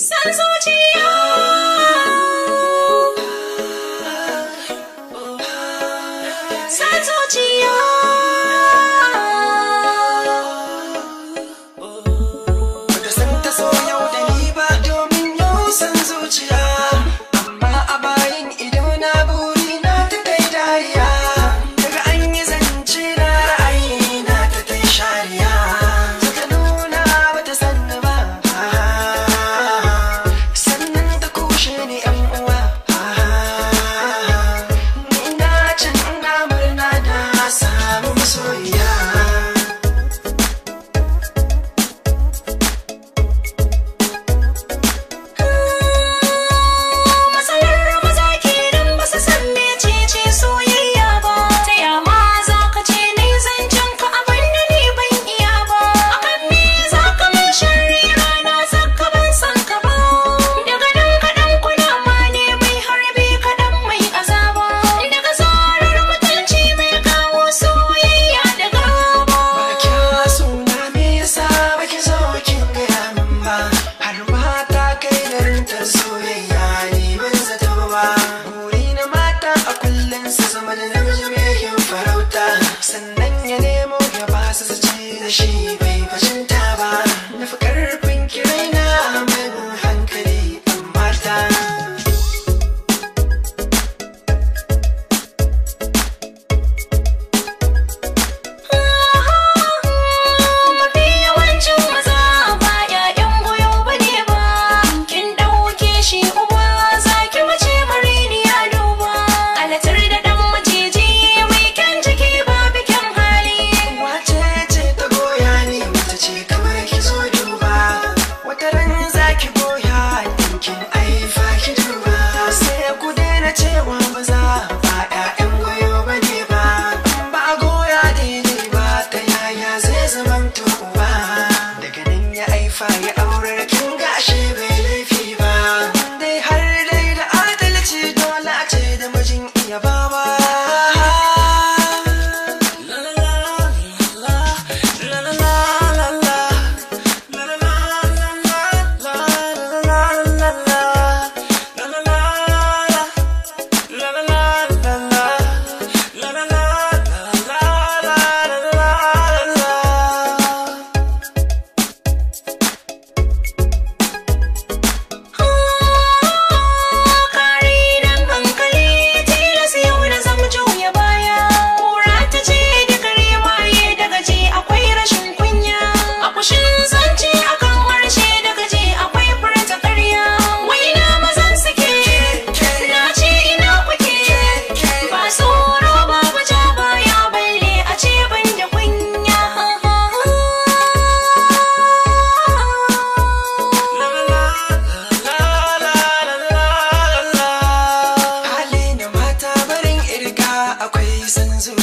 三足金羊，三足金羊。wani namijin yin farauta sannan ya nemo ya basu su ci da shi older, aure kin gashi bai reasons